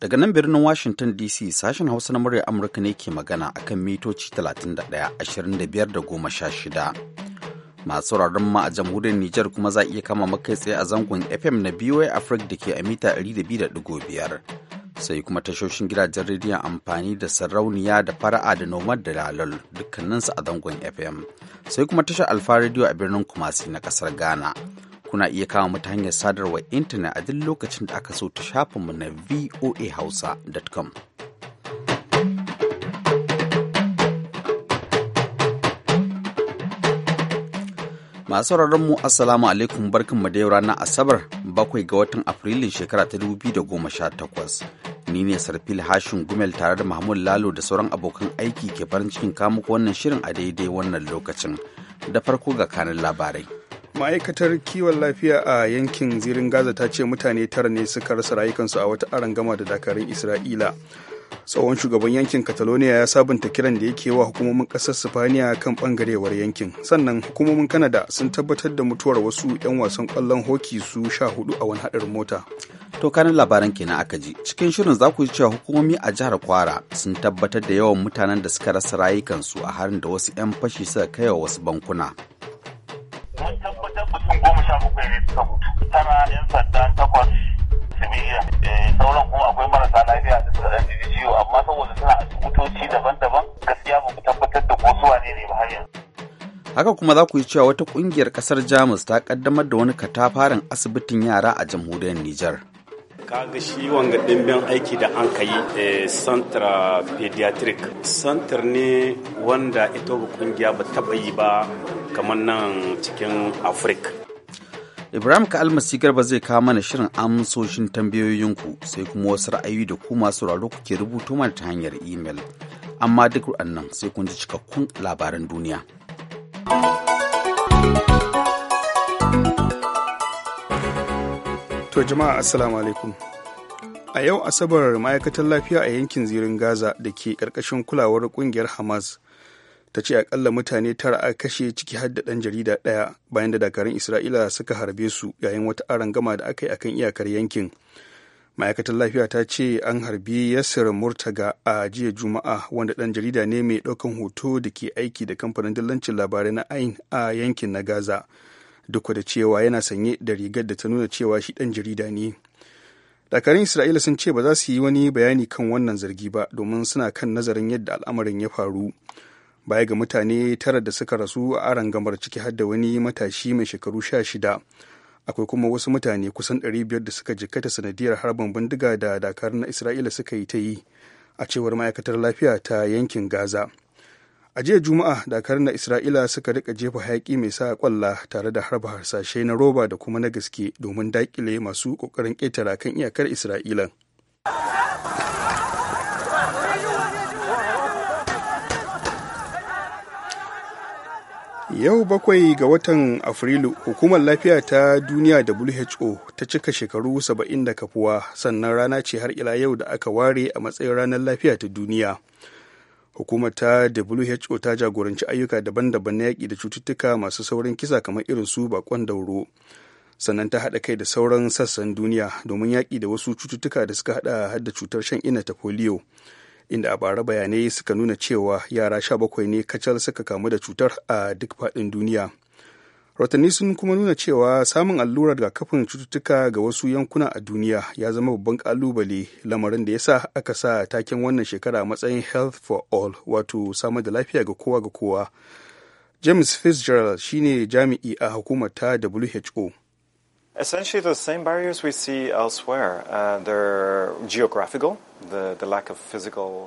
Daga nan birnin Washington DC sashen Hausa na muryar Amurka ne ke magana akan mitoci 31, 25 da 16. Masu sauraron ma a jamhuriyar Nijar kuma za iya kama makai tsaye a zangon FM na BOA Africa da ke a mita 200.5. Sai kuma tashoshin gidajen rediyon amfani da sarauniya da fara'a da nomad da lalal dukkaninsu a zangon FM. Sai kuma tashar Alfa Radio a birnin Kumasi na kasar Ghana. kuna iya kama mu ta hanyar sadarwar intanet a duk lokacin da aka so ta shafin mu na voahausa.com. Masu mu Assalamu alaikum barkan mu da yau ranar Asabar bakwai ga watan Afrilun shekara ta dubu da goma 2018. Ni ne Sarfil Hashin Gumel tare da Mahmud Lalo da sauran abokan aiki ke farin cikin kamuku wannan shirin a daidai wannan lokacin. Da farko ga kanin labarai. ma'aikatar kiwon lafiya a yankin zirin gaza ta ce mutane tara ne suka rasa rayukansu a wata arangama da dakarun isra'ila tsohon shugaban yankin catalonia ya sabunta kiran da yake wa hukumomin kasar sifaniya kan bangarewar yankin sannan hukumomin canada sun tabbatar da mutuwar wasu 'yan wasan kwallon hoki su sha hudu a wani haɗarin mota to kanin labaran kenan aka ji cikin shirin za ku ji cewa hukumomi a jihar kwara sun tabbatar da yawan mutanen da suka rasa rayukansu a harin da wasu 'yan fashi suka kai wa wasu bankuna suka mutu tara yan sanda takwas civilian eh, sauran kuma akwai marasa lafiya da suka dan jiji ciwo amma saboda suna asibitoci daban-daban gaskiya ba mu tabbatar da ko suwa ne ba har yanzu haka kuma za ku yi cewa wata kungiyar kasar jamus ta kaddamar da wani katafaren asibitin yara a jamhuriyar nijar kaga shi wanga ɗimbin aiki da an ka yi santra eh, pediatric santar ne wanda ita kungiya ba taɓa yi ba kamar nan cikin afirka Ibrahim ka almasi garba zai kawo mana shirin amsoshin tambayoyinku sai kuma wasu ra'ayi da ku masu raro kuke rubuto mana ta hanyar imel. Amma duk nan sai kun ji cikakkun labaran duniya. To jama'a assalamu alaikum. A yau Asabar Ma'aikatan lafiya a yankin zirin Gaza da ke ƙarƙashin kulawar ƙungiyar Hamas ta ce akalla mutane tara a kashe ciki har da ɗan jarida ɗaya bayan da dakarun isra'ila suka harbe su yayin wata gama da aka yi akan iyakar yankin ma'aikatar lafiya ta ce an harbi yasir murtaga a jiya juma'a wanda ɗan jarida ne mai ɗaukan hoto da ke aiki da kamfanin dillancin labarai na ain a yankin na gaza duk da cewa yana sanye da rigar da ta nuna cewa shi ɗan jarida ne dakarun isra'ila sun ce ba za su yi wani bayani kan wannan zargi ba domin suna kan nazarin yadda al'amarin ya faru baya ga mutane tara da suka rasu a aron gamar ciki har da wani matashi mai shekaru sha shida akwai kuma wasu mutane kusan 500 da suka jikkata sanadiyar harbin bindiga da dakar na isra'ila suka yi ta yi a cewar ma'aikatar lafiya ta yankin gaza a jiya juma'a dakar na isra'ila suka rika jefa hayaki mai sa kwalla tare da harba harsashe na roba da kuma na gaske domin dakile masu kokarin ƙetara kan iyakar isra'ila Yau bakwai ga watan Afrilu, hukumar lafiya ta duniya WHO ta cika shekaru 70 da kafuwa sannan rana ce har ila yau da aka ware a matsayin ranar lafiya ta duniya. Hukumar ta WHO ta jagoranci ayyuka daban-daban na yaƙi da cututtuka masu saurin kisa kamar irin su bakon dauro. Sannan ta haɗa kai da sauran sassan duniya domin yaƙi da wasu cututtuka da suka haɗa da cutar shan ina ta polio. inda a bara bayanai suka nuna cewa yara sha bakwai ne kacal suka kamu da cutar a duk faɗin duniya rahotanni sun kuma nuna cewa samun allurar kafin cututtuka ga wasu yankuna a duniya ya zama babban kalubale lamarin da ya sa aka sa taken wannan shekara matsayin health for all wato samar da lafiya ga kowa ga kowa james fitzgerald shine jami'i a hukumar ta who Essentially, the same barriers we see elsewhere. Uh, they're geographical. Uh,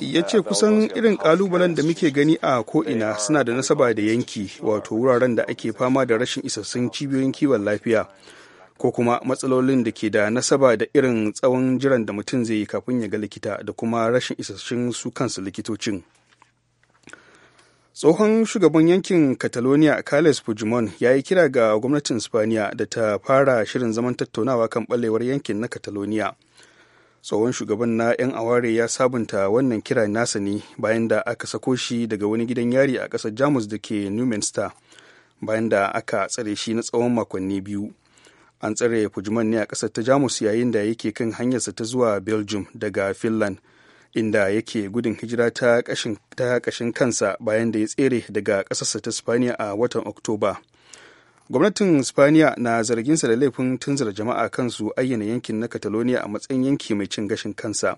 ya ce kusan irin kalubalen da muke gani a ko'ina suna da nasaba da yanki wato wuraren da ake fama da rashin isassun cibiyoyin kiwon lafiya ko kuma matsalolin da ke da nasaba da irin tsawon jiran da mutum zai yi kafin ya ga likita da kuma rashin isassun su kansu likitocin. tsohon shugaban yankin catalonia carles puigdemont ya yi kira ga gwamnatin spaniya da ta fara shirin zaman tattaunawa kan ɓallewar yankin na catalonia tsohon shugaban na 'yan aware ya sabunta wannan kira nasa ne bayan da aka sako shi daga wani gidan yari a ƙasar jamus da ke newminster bayan da aka tsare shi na tsawon makonni biyu an tsare puigdemont ne a ƙasar ta jamus yayin da yake kan hanyarsa ta zuwa belgium daga finland inda yake gudun hijira ta kashin kansa bayan da ya tsere daga ƙasarsa ta spaniya a watan oktoba gwamnatin spaniya na zarginsa da laifin tunzar jama'a kansu ayyana yankin na catalonia a matsayin yanki mai cin gashin kansa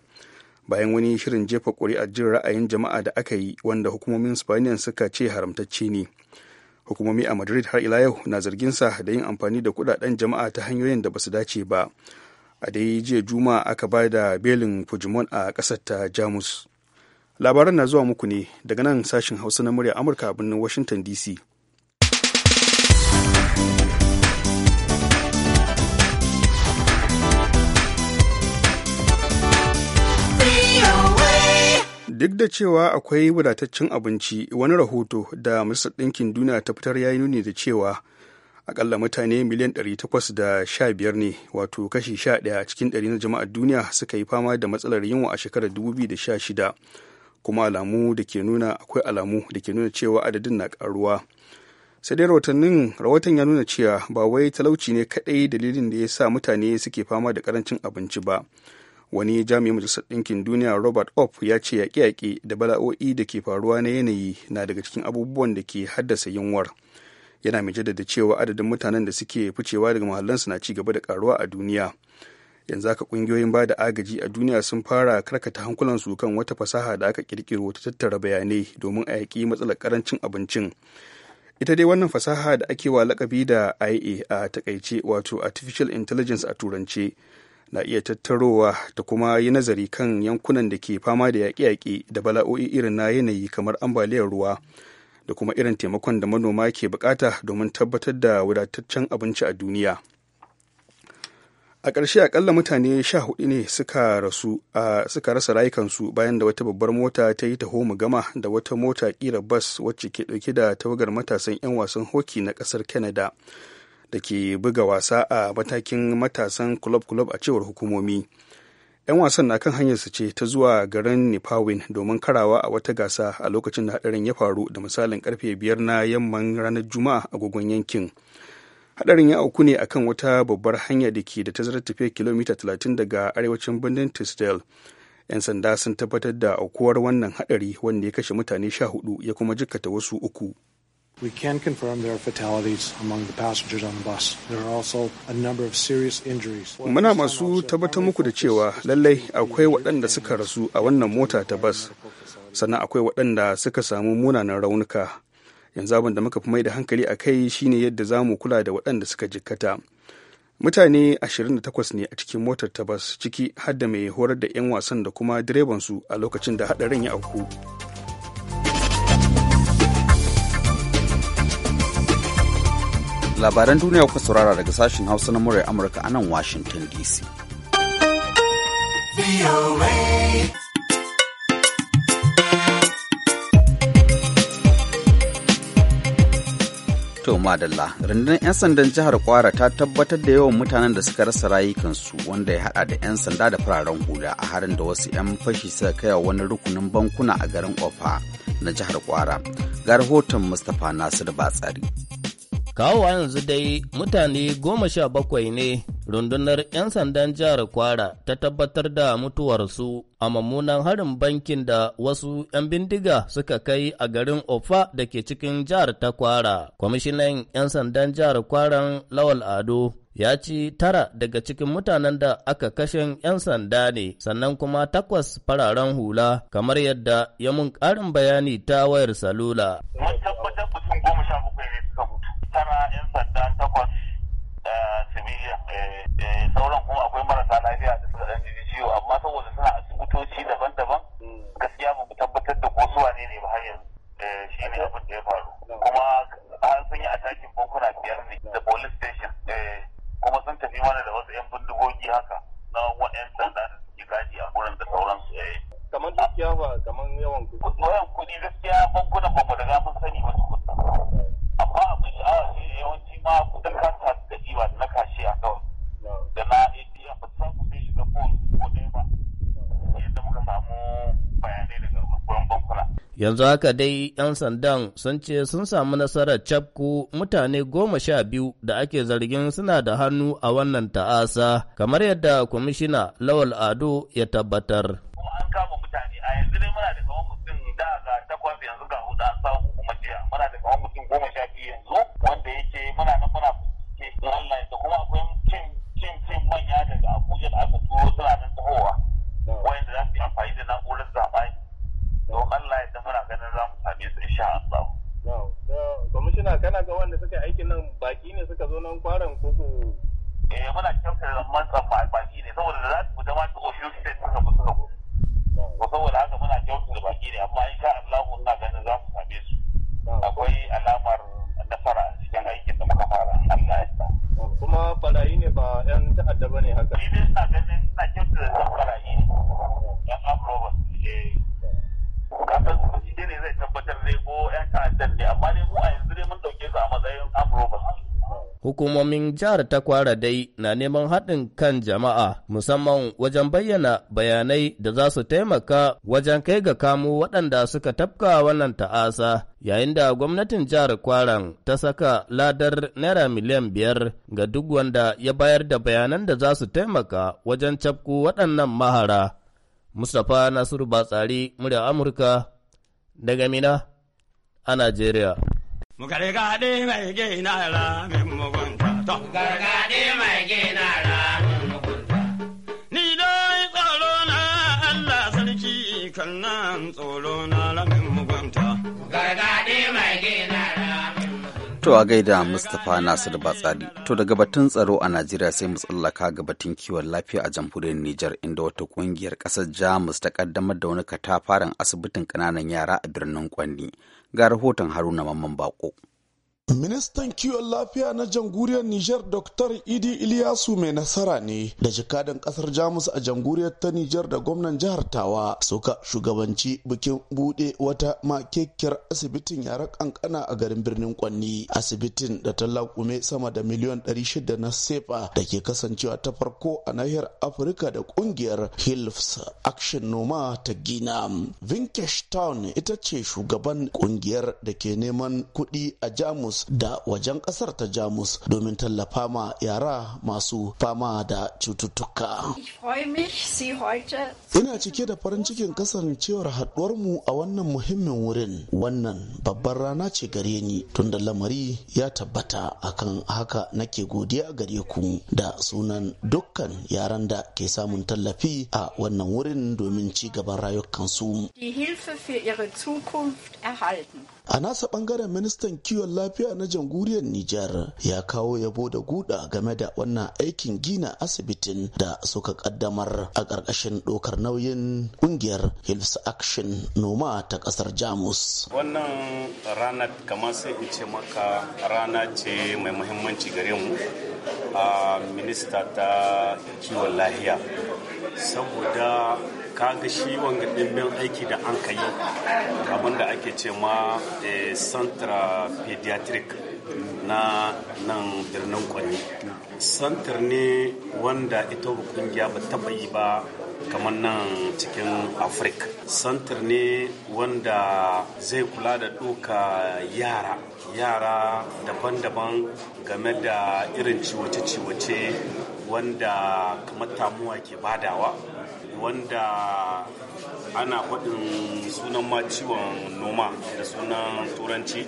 bayan wani shirin jefa ƙuri'ar jin ra'ayin jama'a da aka yi wanda hukumomin spaniya suka ce haramtacce ne hukumomi a madrid har ila yau na zarginsa da yin amfani da kudaden jama'a ta hanyoyin da ba su dace ba a dai jiya juma'a aka ba da belin fujimon a ƙasar ta jamus labaran na zuwa muku ne daga nan sashen hausa na murya amurka a birnin washington dc duk da cewa akwai wadataccen abinci wani rahoto da masu ɗinkin duniya ta fitar ya yi nuni da cewa akalla mutane miliyan 815 ne wato kashi 11 cikin 100 na jama'ar duniya suka yi fama da matsalar yunwa a shekarar 2016 kuma alamu da ke nuna akwai alamu da ke nuna cewa adadin na karuwa sai dai rahotannin rahoton ya nuna cewa ba wai talauci ne kadai dalilin da ya sa mutane suke fama da karancin abinci ba wani jami'in majalisar ɗinkin duniya robert op ya ce yaƙe-yaƙe da bala'o'i da ke faruwa na yanayi na daga cikin abubuwan da ke haddasa yunwar yana mai jaddada cewa adadin mutanen da suke ficewa daga mahallansu na ci gaba da karuwa a duniya yanzu haka kungiyoyin ba da agaji a duniya sun fara karkata hankulan su kan wata fasaha da aka kirkiro ta tattara bayanai domin a yaƙi matsalar karancin abincin ita dai wannan fasaha da ake wa lakabi da ia a takaice wato artificial intelligence a turance na iya tattarowa da kuma yi nazari kan yankunan da ke fama da yaƙe-yaƙe da bala'o'i irin na yanayi kamar ambaliyar ruwa da kuma irin taimakon da manoma ke bukata domin tabbatar da wadataccen abinci a duniya a ƙarshe akalla mutane sha hudu ne suka rasu suka rasa rayukansu bayan da wata babbar mota ta yi taho mu gama da wata mota kira bas wacce ke ɗauke da tawagar matasan 'yan wasan hoki na ƙasar canada da ke buga wasa a matakin matasan club club a cewar hukumomi 'yan wasan na kan hanyar su ce ta zuwa garin nipawin domin karawa a wata gasa a lokacin da hadarin ya faru da misalin karfe biyar na yamman ranar juma'a agogon yankin hadarin ya auku ne akan wata babbar hanya da ke da tazarar tafiya kilomita 30 daga arewacin birnin tisdale 'yan sanda sun tabbatar da aukuwar wannan hadari wanda ya kashe mutane sha hudu ya kuma jikkata wasu uku We can confirm there are fatalities among the passengers on the bus. There are also a number of serious injuries. Muna masu tabbatar muku da cewa lallai akwai waɗanda suka rasu a wannan mota ta bas. Sannan akwai waɗanda suka samu munanan raunuka. Yanzu abin da muka fi mai da hankali a kai shine yadda za mu kula da waɗanda suka jikkata. Mutane 28 ne a cikin motar ta bas ciki har da mai horar da 'yan wasan da kuma direban su a lokacin da haɗarin ya auku. labaran duniya kuka saurara daga sashen hausa na muryar amurka a nan washington dc To Madalla, rundunar 'yan sandan jihar Kwara ta tabbatar da yawan mutanen da suka rasa rayukansu wanda ya hada da 'yan sanda da fararen hula a harin da wasu 'yan fashi suka kai wa wani rukunin bankuna a garin Ofa na jihar Kwara. Ga rahoton Mustapha Nasir Batsari. Kawowa yanzu dai mutane goma sha bakwai ne rundunar 'yan sandan jihar Kwara ta tabbatar da mutuwarsu a mummunan harin bankin da wasu 'yan bindiga suka kai a garin Ofa da ke cikin jihar ta Kwara. Kwamishinan 'yan sandan jihar Kwaran Lawal Ado ya ci tara daga cikin mutanen da aka kashe 'yan sanda ne sannan kuma takwas fararen hula kamar yadda ya mun ƙarin bayani ta wayar salula. bangaren kuma akwai marasa lafiya da suka ɗan jini ciwo amma saboda suna asibitoci daban-daban gaskiya ba mu tabbatar da ko suwa ne ne ba har yanzu eh, shi ne abin da ya faru kuma har sun yi atakin bankuna biyar ne da police station eh, kuma sun tafi mana da wasu 'yan bindigogi haka na wa'yan sanda da suke gaji a gurin da sauransu eh. kamar dukiya ba kamar yawan kuɗi yawan kuɗi gaskiya Yanzu haka dai 'yan sandan sun ce sun samu nasarar cafku mutane goma sha biyu da ake zargin suna da hannu a wannan ta'asa, kamar yadda kwamishina Lawal Ado ya tabbatar. jihar ta kwara dai na neman haɗin kan jama'a musamman wajen bayyana bayanai da za su taimaka wajen kai ga kamo waɗanda suka tafka wannan ta'asa yayin da gwamnatin jihar kwaran ta saka ladar naira miliyan biyar ga duk wanda ya bayar da bayanan da za su taimaka wajen cafko waɗannan mahara. Mustapha Nasiru Batsari, murya Amurka, daga Mina a Najeriya. Mugargaɗe mai gina ra mai mugunta. Gargaɗi mai gina mugunta. Ni tsoro na Allah sarki kan nan tsoro na lamin mugunta. Gargaɗi mai gina To a gaida Mustapha Nasiru Batsari. To daga batun tsaro a Najeriya sai mu tsallaka ga batun kiwon lafiya a jamhuriyar Nijar inda wata kungiyar ƙasar Jamus ta kaddamar da wani katafaren asibitin ƙananan yara a birnin Kwanni. Ga rahoton Haruna Mamman Bako. Ministan kiwon lafiya na jamhuriyar Nijar Dr. Idi Iliyasu mai nasara ne da jikadin kasar Jamus a jamhuriyar ta Nijar da gwamnan jihar Tawa suka shugabanci bikin bude wata makekiyar asibitin yaren kankana a garin birnin Kwanni. Asibitin da ta lakume sama da miliyon 600 na sefa da ke kasancewa ta farko a nahiyar Afirka da kungiyar Hills Action Noma ta Gina. Vinkesh Town ita ce shugaban kungiyar da ke neman kuɗi a Jamus da wajen kasar ta jamus domin tallafa ma yara masu fama da cututtuka ina cike da farin cikin kasancewar haɗuwar mu a wannan muhimmin wurin wannan babbar rana ce gare ni tunda lamari ya tabbata akan haka nake godiya gare ku da sunan dukkan yaran da ke samun tallafi a wannan wurin domin ci gaban rayukansu. a nasa bangaren ministan kiwon lafiya na jamhuriyar nijar ya kawo yabo da guda game da wannan aikin gina asibitin da suka kaddamar a ƙarƙashin ɗaukar nauyin ƙungiyar hills action noma ta ƙasar jamus wannan rana kamar sai in ce maka rana ce mai muhimmanci gare mu a minista ta kiwon lafiya saboda ga shi wanga ɗimbin aiki da an kayi abin da ake ce ma eh, centra pediatric na nan birnin kwani santar ne wanda ita kungiya ba taba yi ba kamar nan cikin afirka santar ne wanda zai kula da ɗoka yara yara daban-daban game da irin ciwace-ciwace wanda kamar tamuwa ke badawa wanda ana faɗin sunan ma ciwon noma da sunan turanci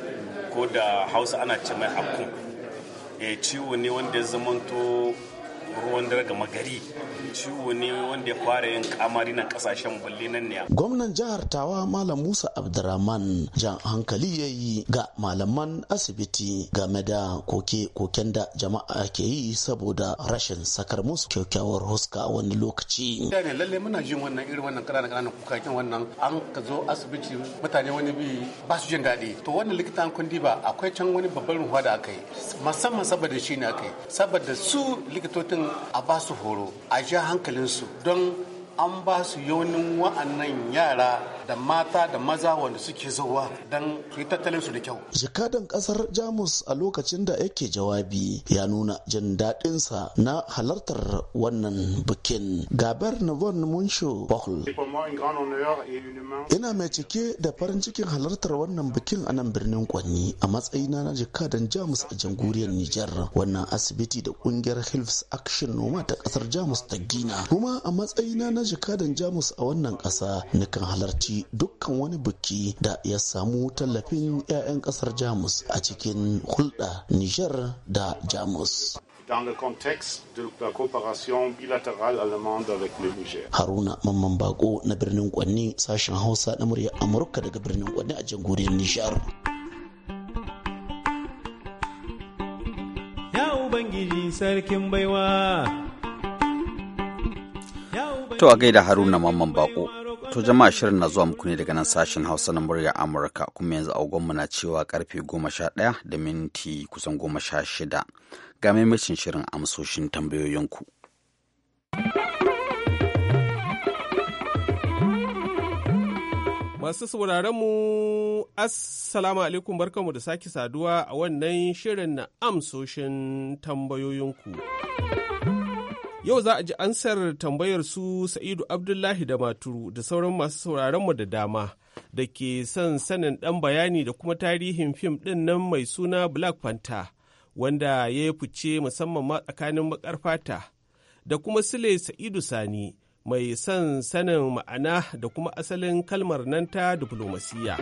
ko da hausa ana ce mai hakun eh, ciwo ne wanda ya zamanto ruwan dare gama gari ciwo ne wanda ya fara yin kamari na kasashen balle nan ne gwamnan jihar tawa malam musa abdurrahman jan hankali ya yi ga malaman asibiti game da koke-koken da jama'a ke yi saboda rashin sakar musu kyakkyawar huska wani lokaci lalle muna jin wannan irin wannan kukakin wannan an ka zo asibiti mutane wani bi ba su jin daɗi to wannan likita an kundi ba akwai can wani babban ruwa da aka yi musamman saboda shi ne aka yi saboda su likitocin a ba su horo a ja hankalinsu don an ba su yonin wa'annan yara da mata da maza wanda suke zuwa don yi tattalin su da kyau. jikadan kasar Jamus a lokacin da yake jawabi ya nuna jin daɗinsa na halartar wannan bikin. Gaber Navon Munsho Bohl. Ina mai cike da farin cikin halartar wannan bikin a nan birnin Kwanni a matsayina na jakadan Jamus a jamhuriyar Nijar wannan asibiti da kungiyar Hilfs Action Noma ta kasar Jamus ta gina. Kuma a matsayina na jakadan jamus a wannan ƙasa kan halarci dukkan wani biki da ya samu tallafin 'ya'yan ƙasar jamus a cikin hulɗa nijar da jamus dans le contexte de la coopération bilatérale allemande Niger. Haruna Mamman Bako na birnin Kwanni sashen Hausa na murya Amurka daga birnin Kwanni a jamhuriyar Nijar. Ya Ubangiji sarkin baiwa. To a gaida Haruna Mamman Bako. To jama'a shirin na zuwa muku ne daga nan sashen Hausa na murya Amurka kuma yanzu agonmu na cewa karfe goma sha ɗaya da minti kusan goma sha shida. Ga maimacin shirin amsoshin tambayoyinku. Masu sauraron mu Assalamu alaikum barkanmu da sake saduwa a wannan shirin na amsoshin tambayoyinku. Yau za a ji ansar tambayar su Sa'idu Abdullahi da Maturu da sauran masu sauraronmu da dama da ke son sanin ɗan bayani da kuma tarihin fim ɗin nan mai suna Black Panther wanda ya yi fice musamman ma tsakanin baƙar fata da kuma Sule Sa'idu Sani mai son sanin ma'ana da kuma asalin kalmar nan ta diplomasiya.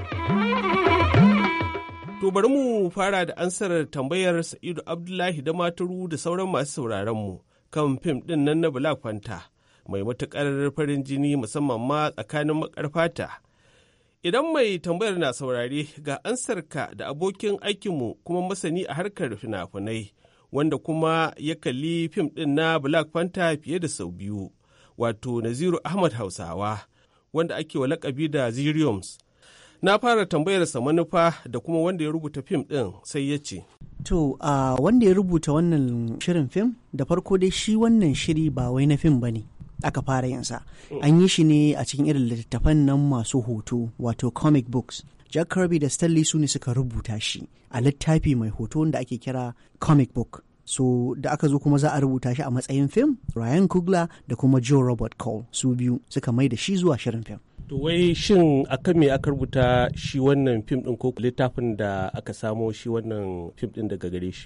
To bari mu fara da ansar tambayar Sa'idu Abdullahi da Maturu da sauran masu sauraronmu. mu. kan fim ɗin nan na Bula Kwanta mai matuƙar farin jini musamman ma tsakanin makarfata Idan mai tambayar na saurare ga ansarka da abokin aikinmu kuma masani a harkar fina-finai wanda kuma ya kalli fim ɗin na Black Panther fiye da sau biyu, wato Naziru Ahmad Hausawa, wanda ake wa lakabi da Ziriums. Na fara tambayarsa manufa da kuma wanda ya rubuta fim ɗin sai ya ce. To, uh, wanda ya rubuta wannan shirin fim, da farko dai shi wannan shiri ba wai na fim ba ne. aka fara yinsa an yi shi ne a cikin irin littattafan nan masu hoto wato comic books jack kirby da stanley su ne suka rubuta shi a littafi mai hoto da ake kira comic book so da aka zo kuma za a rubuta shi a matsayin fim ryan kugler da kuma joe robert cole su biyu suka mai da shi zuwa shirin fim To wai shin akan me aka rubuta shi wannan fim din ko littafin da aka samo shi wannan fim din daga gare shi?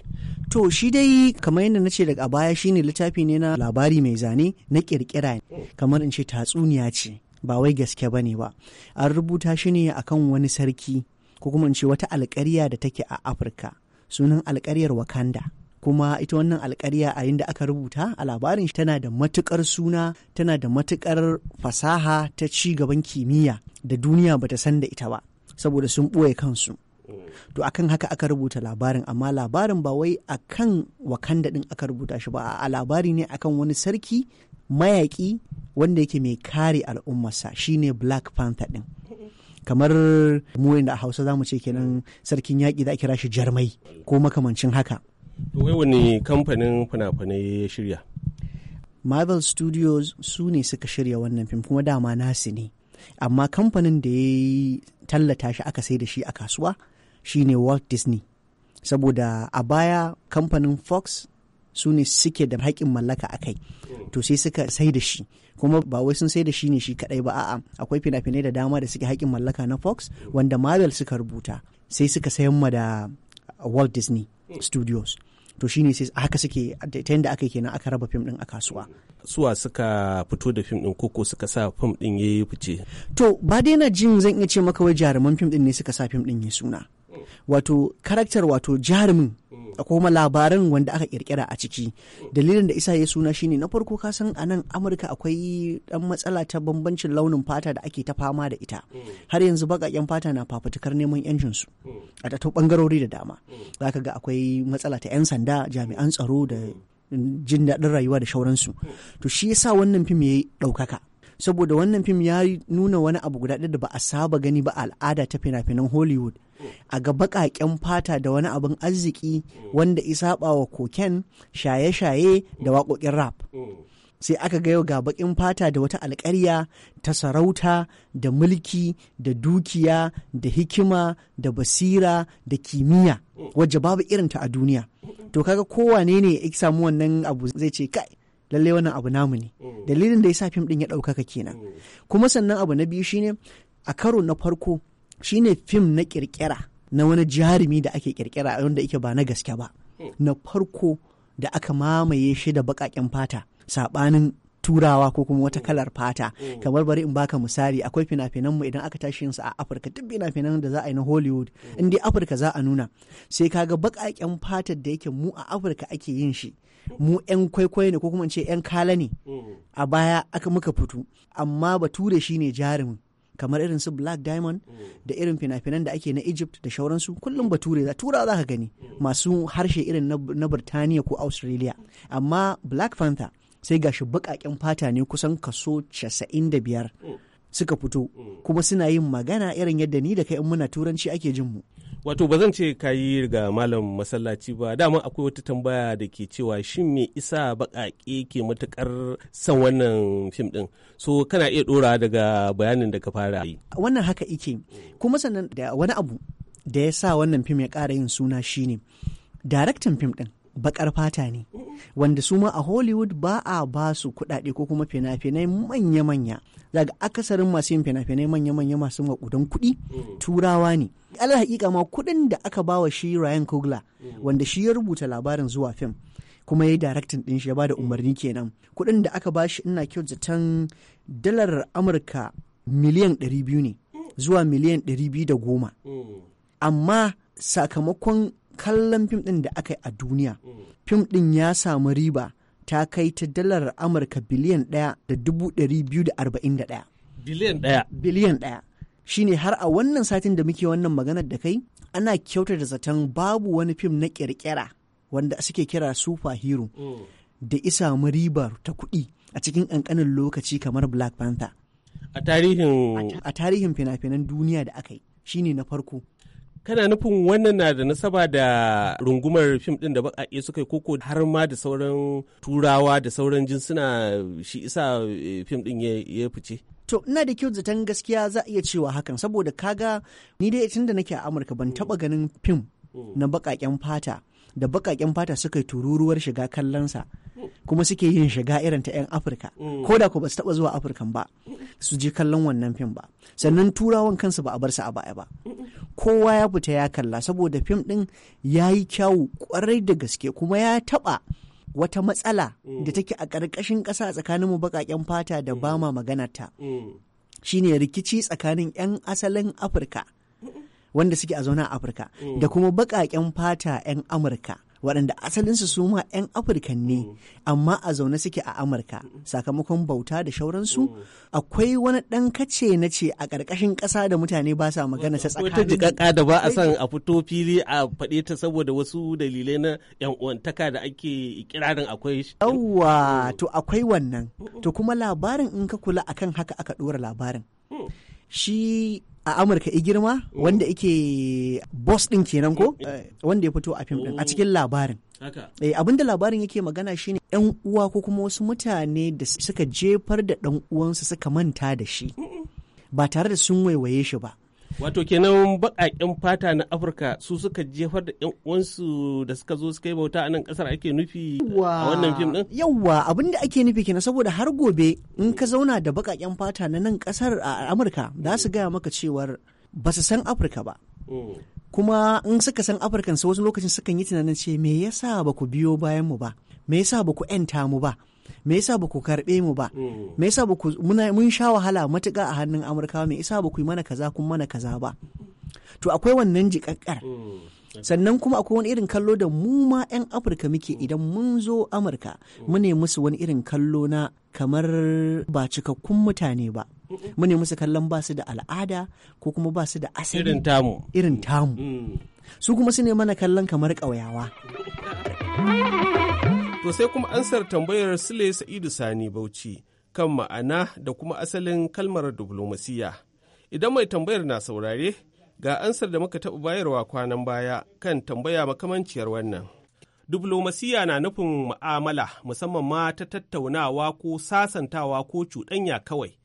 To shi dai kamar yadda na ce daga baya shi ne littafi ne na labari mai zane na kirkira kamar in ce tatsuniya ce ba wai gaske bane ba. An rubuta shi ne akan wani sarki ko kuma in ce wata alƙarya da take a Afirka sunan alƙaryar Wakanda. kuma ita wannan alkarya a da aka rubuta a labarin shi tana da matukar suna tana da matukar fasaha ta ci gaban kimiyya da duniya bata san da ita ba saboda sun ɓoye kansu to akan haka aka rubuta labarin amma labarin ba wai akan wakanda din aka rubuta shi ba a labari ne akan wani sarki mayaƙi wanda yake mai kare al'ummarsa shine black panther din kamar mu da hausa zamu ce kenan sarkin yaƙi da a kira shi jarmai ko makamancin haka To wai wani kamfanin fina-finai ya shirya? Marvel Studios su ne suka shirya wannan fim kuma dama nasu ne. Amma kamfanin da ya yi tallata shi aka sai da shi a kasuwa shine Walt Disney. Saboda a baya kamfanin Fox su ne suke da haƙƙin mallaka a kai to sai suka sai da shi kuma ba wai sun sai da shi ne shi kaɗai ba a'a akwai fina-finai da dama da suke haƙƙin mallaka na fox wanda marvel suka rubuta sai suka sayan ma da Walt Disney Studios. To shi shine sai haka suke ta yadda aka kenan aka raba fim din a kasuwa. Suwa suka fito da fim din koko suka sa fim din ya yi fice. To ba dai na jin zan iya ce maka wai jaruman fim din ne suka sa fim din ya suna. wato karakter wato jarumin mm. a kuma labaran wanda aka kirkira a ciki mm. dalilin da isa ya suna shine na farko ka san a nan amurka akwai dan matsala ta bambancin launin fata da ake ta fama da ita mm. har yanzu bakaken fata na fafutukar neman yancin su a ta bangarori da dama zaka ga akwai matsala ta yan sanda jami'an tsaro da jin daɗin rayuwa da shauransu to shi yasa wannan fim ya ɗaukaka saboda wannan fim ya nuna wani abu guda da ba a saba gani ba al'ada ta fina-finan hollywood a ga baƙaƙen fata da wani abin arziki wanda isaba wa koken shaye-shaye da waƙoƙin rap sai aka ga yau ga baƙin fata da wata alƙarya ta sarauta da mulki da dukiya da hikima da basira da kimiyya wajen babu irinta a duniya to kaga kowane ne ya samu wannan abu zai ce kai lallai wannan abu namu ne dalilin da ya sa fim din ya ɗaukaka kenan kuma sannan abu na biyu shine a karo na farko shine fim na kirkira na wani jarumi da ake kirkira wanda yake ba na gaske ba na farko da aka mamaye shi da baƙaƙen fata Sabanin turawa ko kuma wata kalar fata kamar bari in baka misali akwai fina-finan mu idan aka tashi yinsa a afirka duk fina-finan da za a yi na hollywood in afirka za a nuna sai kaga baƙaƙen fatar da yake mu a afirka ake yin shi mu 'yan kwaikwayo ne ko kuma ce 'yan kala ne a baya aka muka fito amma bature shi ne jarumin kamar irin su black diamond da irin fina-finan da ake na egypt da shauransu kullum bature za tura za ka gani masu harshe irin na birtaniya ko australia amma black panther sai gashi baƙaƙen fata ne kusan kaso 95 suka fito mm. kuma suna yin magana irin yadda ni da kai in muna turanci ake jin mu wato ba zan ce ka yi ga malam masallaci ba dama akwai wata tambaya da ke cewa shin me isa baƙaƙe ke matukar san wannan fim din so kana iya dora daga bayanin da ka fara yi wannan haka ike kuma sannan da wani abu da ya sa wannan fim ya ƙara yin suna shine daraktan fim din bakar fata ne wanda su ma a hollywood ba a ba su kudade ko kuma fina-finai manya-manya daga akasarin masu yin fina-finai manya-manya masu makudan kudi turawa ne ala hakika ma kuɗin da aka ba wa shi ryan kugla wanda shi ya rubuta labarin zuwa fim kuma ya yi directing din shi ya bada umarni kenan kuɗin da aka ba shi ina kyau zaton dalar amurka miliyan ɗari biyu ne zuwa miliyan ɗari da goma amma sakamakon kallon fim ɗin da aka yi a duniya fim ɗin ya samu riba ta kai ta dalar amurka biliyan ɗaya da dubu ɗari biyu da arba'in da ɗaya biliyan ɗaya biliyan ɗaya shine har a wannan satin da muke wannan maganar da kai ana kyautata zaton babu wani fim na ƙirƙira wanda suke kira super hero mm. da isa ribar ta kuɗi a cikin ƙanƙanin lokaci kamar black panther a tarihin a tarihin fina-finan duniya da aka yi shi ne na farko kana nufin wannan na da nasaba da rungumar fim din da iya suka yi koko har ma da sauran turawa da sauran jinsuna shi isa eh, fim din ya fice To ina da kyau zaton gaskiya za a iya cewa hakan saboda kaga ni dai tun da nake a Amurka ban taba ganin fim mm. na bakaken fata da bakaken fata suka yi tururuwar shiga kallonsa. sa kuma suke yin shiga irin ta 'yan afirka mm. ko da ku ba su taba zuwa afirkan ba su je kallon wannan fim ba sannan turawan kansu ba a bar su a baya ba kowa ya fita ya kalla saboda fim din ya yi kyawu kwarai da gaske kuma ya taba wata matsala mm. da take a ƙarƙashin ƙasa mu baƙaƙen fata da mm. ba ma ta. shine rikici tsakanin 'yan asalin afirka wanda suke a zaune a afirka da kuma baƙaƙen fata 'yan amurka waɗanda asalinsu su ma 'yan afirka ne mm. amma a zaune suke a amurka mm. sakamakon bauta da shauransu mm. akwai wani ɗan kace na ce a ƙarƙashin ƙasa da mutane ba sa magana ta tsakanin wata jikaka da ba a san a fito fili a faɗe ta saboda wasu dalilai na yan uwantaka da ake ikirarin akwai shi yawwa to akwai wannan to kuma labarin in ka kula akan haka aka ɗora labarin shi a Amurka i girma oh. wanda ike boss din kenan ko eh. Eh, wanda ya fito a fim din a oh. cikin labarin Eh, Abinda labarin yake magana shine yan uwa ko kuma wasu mutane da suka jefar da ɗan uwansu suka manta da shi ba tare da sun waiwaye shi ba Wato kenan baƙaƙen fata na Afirka su suka jefar da ƴan uwansu da suka zo suka yi bauta a nan ƙasar ake nufi a wannan fim ɗin? Yawwa abin da ake nufi kenan saboda har gobe in ka zauna da baƙaƙen fata na nan kasar a Amurka za su gaya maka cewar ba su san Afirka ba. Hmm. Kuma in suka san Afirkan su wasu lokacin sukan yi tunanin ce me yasa ba ku biyo bayan mu ba? Me yasa ba ku 'yanta mu ba? me yasa ba ku karɓe mu ba mm. me yasa ba ku mun sha wahala matuƙa a hannun amurkawa me yasa ba ku yi mana kaza kun mana kaza ba to akwai wannan jiƙaƙƙar mm, sannan kuma akwai wani irin kallo da mu ma 'yan afirka muke mm. idan mun zo amurka mu ne musu wani irin kallo na kamar ba cikakkun mutane ba mu ne musu kallon ba su da al'ada ko kuma ba su da asali tamu irin tamu su kuma su ne mana kallon kamar ƙauyawa To sai kuma ansar tambayar Sule Sa'idu Sani Bauchi kan ma'ana da kuma asalin kalmar diplomasiya. Idan mai tambayar na saurare, ga ansar da muka taɓa bayarwa kwanan baya kan tambaya makamanciyar wannan. Diplomasiya na nufin ma'amala musamman ma ta tattaunawa ko sasantawa ko cuɗanya kawai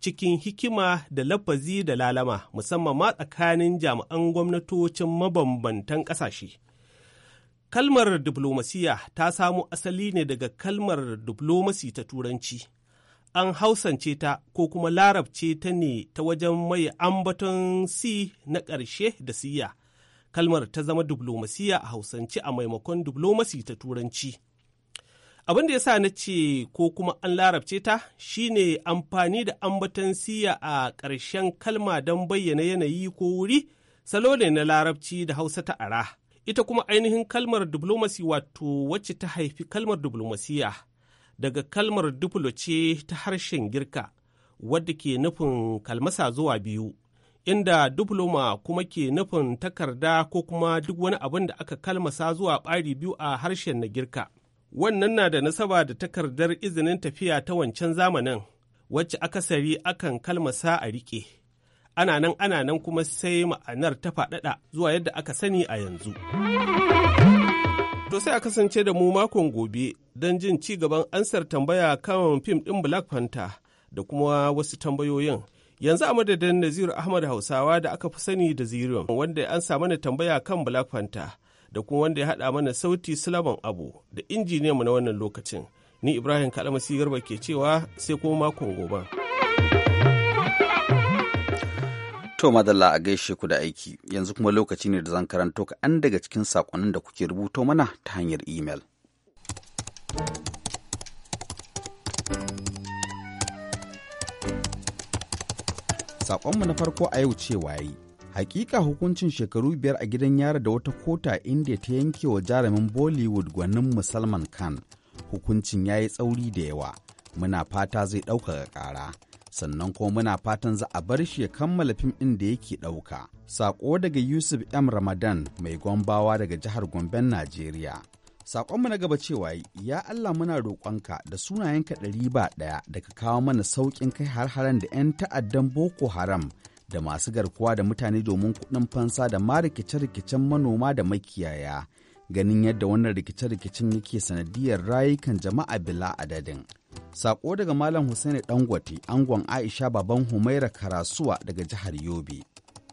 cikin hikima da lafazi da lalama musamman ma tsakanin jami'an gwamnatocin mabambantan ƙasashe. Kalmar diplomasiya ta samo asali ne daga kalmar diplomasi ta Turanci. An hausance ta ko kuma larabce ta ne ta wajen mai ambaton si na ƙarshe da siya. Kalmar ta zama diplomasiya a hausance a maimakon diplomasi ta Turanci. Abin da ya sa na ce ko kuma an larabce ta shine amfani da ambaton siya a ƙarshen kalma don bayyana yanayi ko wuri salo ne na larabci da hausa ta ara. Ita kuma ainihin kalmar diplomasi wato wacce ta haifi kalmar diplomasiya daga kalmar diplo ta harshen girka wadda ke nufin kalmasa zuwa biyu. Inda diploma kuma ke nufin takarda ko kuma duk wani abin da aka kalmasa zuwa ɓari biyu a harshen na girka. Wannan na da nasaba da takardar izinin tafiya ta wancan zamanin, wacce akasari akan kalmasa a riƙe. ana nan ana nan kuma sai ma'anar ta faɗaɗa zuwa yadda aka sani a yanzu. To sai a kasance da mu makon gobe don jin ci gaban ansar tambaya kan fim ɗin Black Panther da kuma wasu tambayoyin. Yanzu a madadin Nazir Ahmad Hausawa da aka fi sani da Zirion wanda ya ansa mana tambaya kan Black Panther da kuma wanda ya haɗa mana sauti Sulaiman Abu da injiniyanmu na wannan lokacin. Ni Ibrahim Kalamasi Garba ke cewa sai kuma makon gobe. To madalla a gaishe ku da aiki yanzu kuma lokaci ne da zan karanto kaɗan daga cikin saƙonin da kuke rubuto mana ta hanyar imel. Saƙonmu na farko a yau ce waye hakika hukuncin shekaru biyar a gidan yara da wata kota inda ta yanke wa jarumin Bollywood gwanin Musalman Khan, hukuncin ya yi tsauri da yawa, muna fata zai ɗaukaka ƙara. sannan kuma muna fatan za a bar shi ya kammala fim ɗin da yake ɗauka. Saƙo daga Yusuf M. Ramadan mai gombawa daga jihar Gomben, Najeriya. Saƙonmu na gaba cewa ya Allah muna roƙonka da sunayenka ɗari ba ɗaya da ka kawo mana sauƙin kai har-haren da 'yan ta'addan Boko Haram da masu garkuwa da mutane domin kuɗin fansa da ma rikice-rikicen manoma da makiyaya ganin yadda wannan rikice-rikicen yake sanadiyar rayukan jama'a bila adadin. Sako daga Malam Hussaini Dangote, angon Aisha Baban Humaira Karasuwa daga jihar Yobe.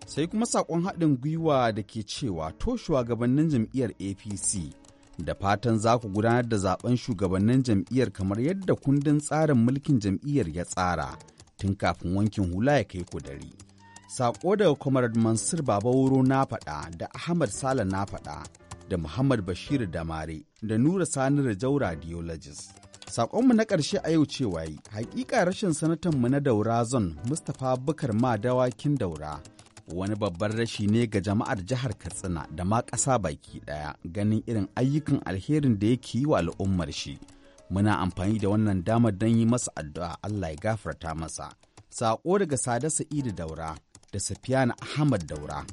Sai kuma sakon haɗin gwiwa da ke cewa to shugabannin jam'iyyar APC da fatan za ku gudanar da zaben shugabannin jam'iyyar kamar yadda kundin tsarin mulkin jam'iyyar ya tsara tun kafin wankin hula ya kai ku dari. Sako daga Comrade Mansur Baba Wuro na faɗa da Ahmad Sala na faɗa da Muhammad Bashir Damare da Nura Sani Rajau Radiologist. Saƙonmu na ƙarshe a yau cewa yi, haƙiƙa rashin mu na daura zon Mustapha Bukar dawakin daura wani babban rashi ne ga jama'ar jihar Katsina da ma ƙasa baki ɗaya ganin irin ayyukan alherin da yake yi wa al'ummar shi. Muna amfani da wannan damar don yi masa addu'a Allah ya gafarta masa. Saƙo daga Sada Sa'idu Daura da Safiyana Ahmad Daura.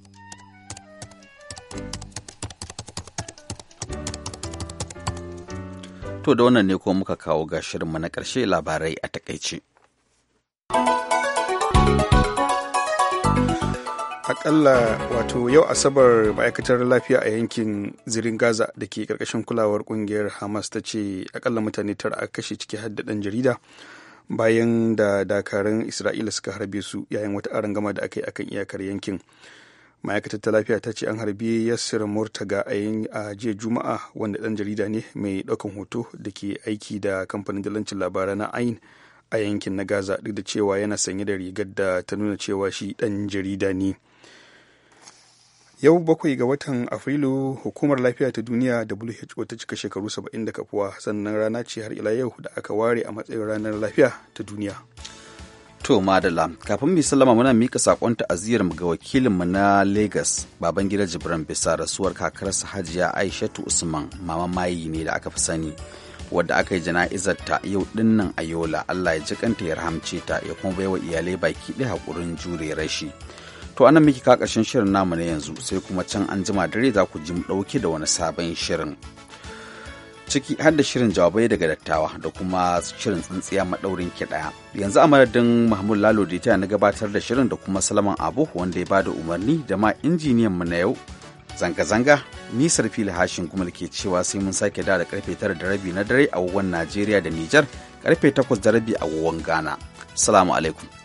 To da wannan ne ko muka kawo ga na ƙarshe labarai a takaice. akalla wato yau asabar ma'aikatar lafiya a yankin zirin gaza da ke karkashin kulawar ƙungiyar hamas ta ce akalla mutane tara a kashe ciki ɗan jarida bayan da dakarun isra'ila suka harbe su yayin wata arangama da aka yi akan iyakar yankin ma'aikatar ta lafiya ta ce an harbi yassir murtaga a jiya juma'a wanda dan jarida ne mai daukan hoto da ke aiki da kamfanin dalancin labarai na ain a yankin na gaza duk da cewa yana sanye da rigar da ta nuna cewa shi dan jarida ne yau bakwai ga watan afrilu hukumar lafiya ta duniya who ta cika shekaru 70 da kafuwa sannan rana ce har ila yau da aka ware a matsayin ranar lafiya ta duniya To Madala, kafin mu sallama muna mika sakon ta'aziyar mu ga wakilinmu na Lagos, Babangida Jibran bisa rasuwar kakarsa Hajiya Aishatu Usman, mama mayi ne da aka fi sani. Wadda aka yi jana'izar ta yau dinnan a Yola, Allah ya ji kanta ya rahamce ta ya kuma bai wa iyalai baki ɗaya hakurin jure rashi. To anan miki ka ƙarshen shirin namu na yanzu sai kuma can an jima dare za ku ji mu ɗauke da wani sabon shirin. ciki har da shirin jawabai daga dattawa da kuma shirin tsintsiya maɗaurin kiɗa yanzu a madadin mahmud lalo da na gabatar da shirin da kuma salaman abu wanda ya ba da umarni da ma injiniyan mu na yau zanga-zanga nisar fili hashin kuma da ke cewa sai mun sake da karfe tara da rabi na dare a wuwan najeriya da nijar karfe takwas da rabi a wuwan ghana salamu alaikum